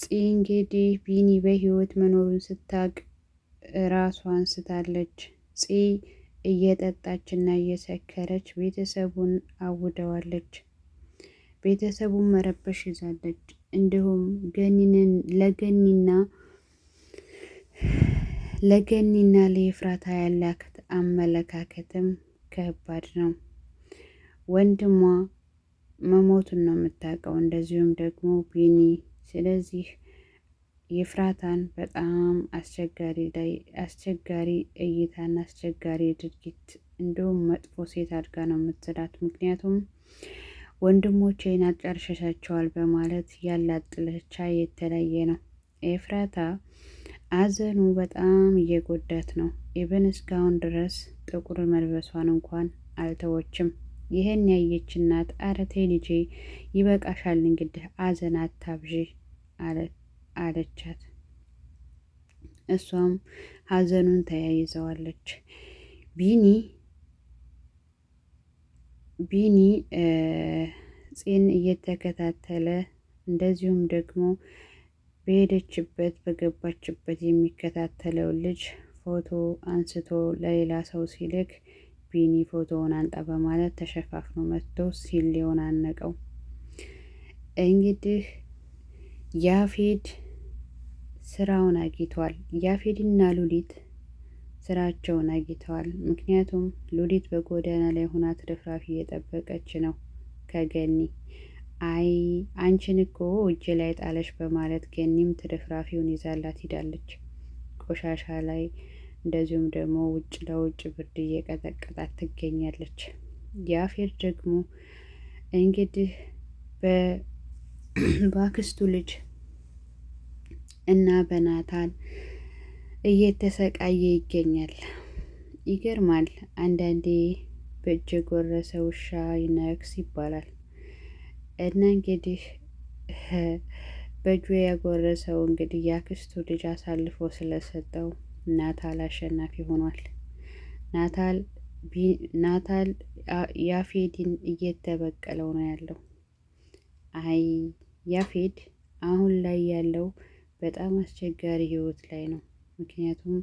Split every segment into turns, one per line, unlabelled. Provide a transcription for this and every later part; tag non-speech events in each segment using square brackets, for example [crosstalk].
ፂ እንግዲህ ቢኒ በህይወት መኖሩን ስታቅ ራሷን ስታለች። ፂ እና እየሰከረች ቤተሰቡን አውደዋለች። ቤተሰቡን መረበሽ ይዛለች። እንዲሁም ገኒንን ለገኒና ለገኒና ለኤፍራታ ያላት አመለካከትም ከባድ ነው። ወንድሟ መሞቱን ነው የምታውቀው። እንደዚሁም ደግሞ ቢኒ ስለዚህ የፍራታን በጣም አስቸጋሪ ላይ አስቸጋሪ እይታና አስቸጋሪ ድርጊት እንዲሁም መጥፎ ሴት አድጋ ነው የምትላት። ምክንያቱም ወንድሞቼን አጫርሸሻቸዋል በማለት ያላት ጥላቻ ነው። ኤፍራታ አዘኑ በጣም እየጎዳት ነው። ኢብን እስካሁን ድረስ ጥቁር መልበሷን እንኳን አልተወችም። ይህን ያየች እናት አረቴ ልጄ ይበቃሻል፣ እንግዲህ አዘን አታብዢ አለቻት። እሷም ሀዘኑን ተያይዘዋለች። ቢኒ ቢኒ ፂን እየተከታተለ እንደዚሁም ደግሞ በሄደችበት በገባችበት የሚከታተለው ልጅ ፎቶ አንስቶ ለሌላ ሰው ሲልክ ቢኒ ፎቶውን አንጣ በማለት ተሸፋፍኖ መጥቶ ሲል ሊሆን አነቀው። እንግዲህ ያፌድ ስራውን አግኝተዋል። ያፌድና ሉሊት ስራቸውን አግኝተዋል። ምክንያቱም ሉሊት በጎዳና ላይ ሆና ትርፍራፊ እየጠበቀች ነው ከገኒ አይ አንቺን እኮ እጄ ላይ ጣለሽ በማለት ገኒም ትርፍራፊውን ይዛላት ሂዳለች። ቆሻሻ ላይ እንደዚሁም ደግሞ ውጭ ለውጭ ብርድ እየቀጠቀጣት ትገኛለች። ያፌድ ደግሞ እንግዲህ [clears throat] በአክስቱ ልጅ እና በናታን እየተሰቃየ ይገኛል። ይገርማል። አንዳንዴ በእጅ የጎረሰ ውሻ ይነክስ ይባላል እና እንግዲህ በእጁ ያጎረሰው እንግዲህ የአክስቱ ልጅ አሳልፎ ስለሰጠው ናታል አሸናፊ ሆኗል። ናታል ናታል ያፌዲን እየተበቀለው ነው ያለው። አይ ያፌድ አሁን ላይ ያለው በጣም አስቸጋሪ ህይወት ላይ ነው። ምክንያቱም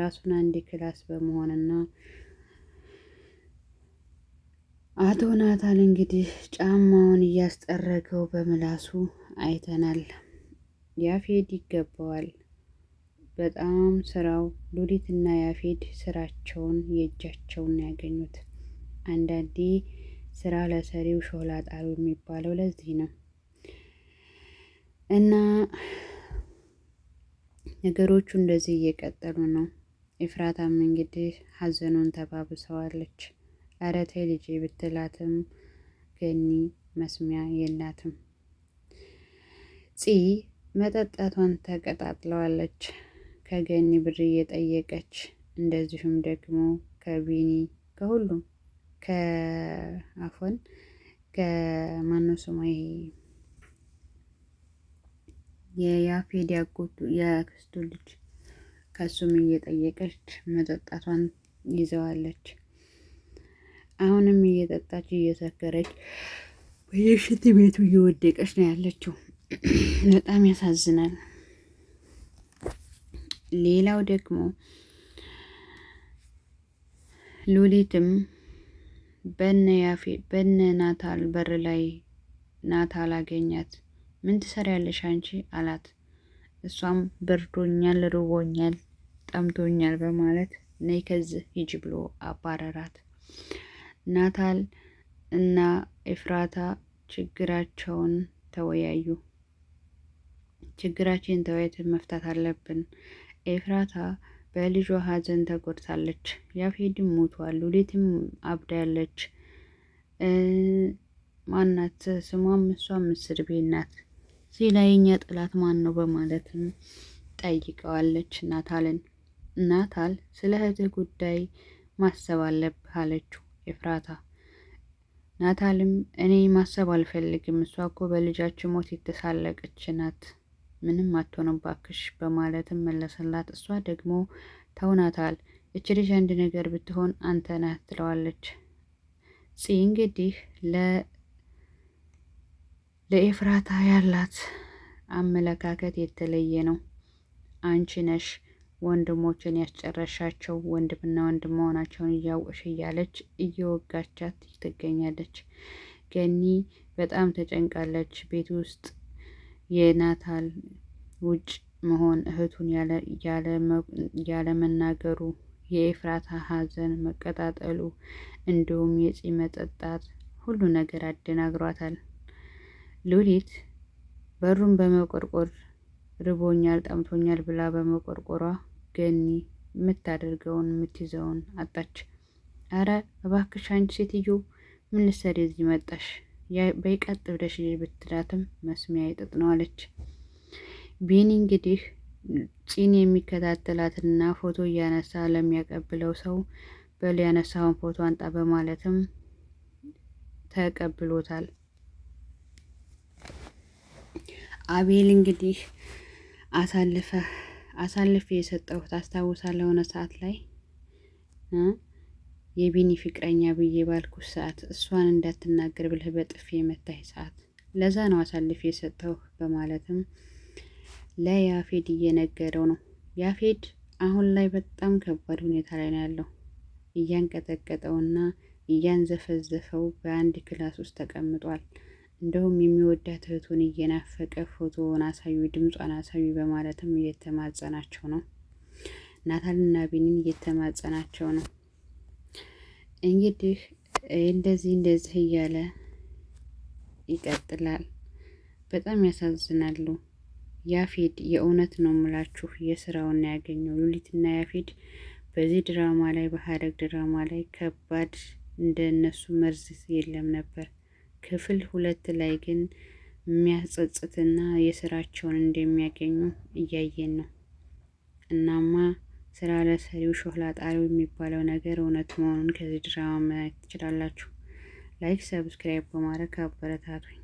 ራሱን አንድ ክላስ በመሆንና አቶ ናታል እንግዲህ ጫማውን እያስጠረገው በምላሱ አይተናል። ያፌድ ይገባዋል። በጣም ስራው ሉሊትና ያፌድ ስራቸውን የእጃቸውን ያገኙት አንዳንዴ ስራ ለሰሪው ሾላ ጣሩ የሚባለው ለዚህ ነው። እና ነገሮቹ እንደዚህ እየቀጠሉ ነው። ኤፍራታም እንግዲህ ሀዘኑን ተባብሰዋለች። ኧረ ተይ ልጄ ብትላትም ገኒ መስሚያ የላትም። ፂ መጠጣቷን ተቀጣጥለዋለች። ከገኒ ብር እየጠየቀች እንደዚሁም ደግሞ ከቢኒ ከሁሉም ከአፎን ከማነው ስሟ ይሄ የያፌድ ያጎቱ የክስቱ ልጅ ከሱም እየጠየቀች መጠጣቷን ይዘዋለች። አሁንም እየጠጣች እየሰከረች በየሽት ቤቱ እየወደቀች ነው ያለችው። በጣም ያሳዝናል። ሌላው ደግሞ ሉሊትም በነ ያፌ በነ ናታል በር ላይ ናታል አገኛት። ምን ትሰሪያለሽ አንቺ አላት። እሷም ብርዶኛል፣ ርቦኛል፣ ጠምቶኛል በማለት ነይ ከዚህ ሂጂ ብሎ አባረራት። ናታል እና ኤፍራታ ችግራቸውን ተወያዩ። ችግራችን ተወያይተን መፍታት አለብን ኤፍራታ በልጇ ሀዘን ተጎድታለች። ያፌድም ሞቷል። ሉሊትም አብዳለች። ማናት ስሟም እሷም እስር ቤት ናት። ሲላ የኛ ጠላት ማን ነው በማለትም ጠይቀዋለች። ናታልን ናታል ስለ እህትህ ጉዳይ ማሰብ አለብህ አለችው ኤፍራታ። ናታልም እኔ ማሰብ አልፈልግም፣ እሷ እኮ በልጃችን ሞት የተሳለቀች ናት ምንም አትሆንም ባክሽ በማለትም መለሰላት። እሷ ደግሞ ተውናታል እች ልጅ አንድ ነገር ብትሆን አንተ ናት ትለዋለች። ጽ እንግዲህ ለኤፍራታ ያላት አመለካከት የተለየ ነው። አንቺ ነሽ ወንድሞችን ያስጨረሻቸው ወንድምና ወንድም መሆናቸውን እያወቅሽ እያለች እየወጋቻት ትገኛለች። ገኒ በጣም ተጨንቃለች ቤት ውስጥ የናታል ውጭ መሆን እህቱን ያለመናገሩ የኤፍራታ ሐዘን መቀጣጠሉ እንዲሁም የፂ መጠጣት ሁሉ ነገር አደናግሯታል። ሉሊት በሩን በመቆርቆር ርቦኛል፣ ጠምቶኛል ብላ በመቆርቆሯ ገኒ የምታደርገውን የምትይዘውን አጣች። አረ እባክሽ አንቺ ሴትዮ ምን ልትሰሪ እዚህ መጣሽ? በይቀጥ ብለሽ ብትላትም መስሚያ ይጥጥ ነው አለች። ቢኒ እንግዲህ ፂን የሚከታተላትና ፎቶ እያነሳ ለሚያቀብለው ሰው በል ያነሳውን ፎቶ አንጣ በማለትም ተቀብሎታል። አቤል እንግዲህ አሳልፈ አሳልፌ የሰጠሁት አስታውሳለሁ የሆነ ሰዓት ላይ የቢኒ ፍቅረኛ ብዬ ባልኩት ሰዓት እሷን እንዳትናገር ብለህ በጥፊ የመታኝ ሰዓት ለዛ ነው አሳልፌ የሰጠው በማለትም ለያፌድ እየነገረው ነው። ያፌድ አሁን ላይ በጣም ከባድ ሁኔታ ላይ ነው ያለው። እያንቀጠቀጠውና እያንዘፈዘፈው በአንድ ክላስ ውስጥ ተቀምጧል። እንደውም የሚወዳት እህቱን እየናፈቀ ፎቶውን አሳዩ፣ ድምጿን አሳዩ በማለትም እየተማጸናቸው ነው። ናታልና ቢኒን እየተማጸናቸው ነው። እንግዲህ እንደዚህ እንደዚህ እያለ ይቀጥላል። በጣም ያሳዝናሉ። ያፌድ የእውነት ነው ምላችሁ የስራውን ያገኘው ሉሊትና ያፌድ በዚህ ድራማ ላይ በሀረግ ድራማ ላይ ከባድ እንደ እነሱ መርዝ የለም ነበር። ክፍል ሁለት ላይ ግን የሚያጸጽትና የስራቸውን እንደሚያገኙ እያየን ነው። እናማ ስራ ለሰሪው ሾህላ ጣሪው የሚባለው ነገር እውነት መሆኑን ከዚህ ድራማ ማየት ትችላላችሁ። ላይክ፣ ሰብስክራይብ በማድረግ አበረታቱኝ።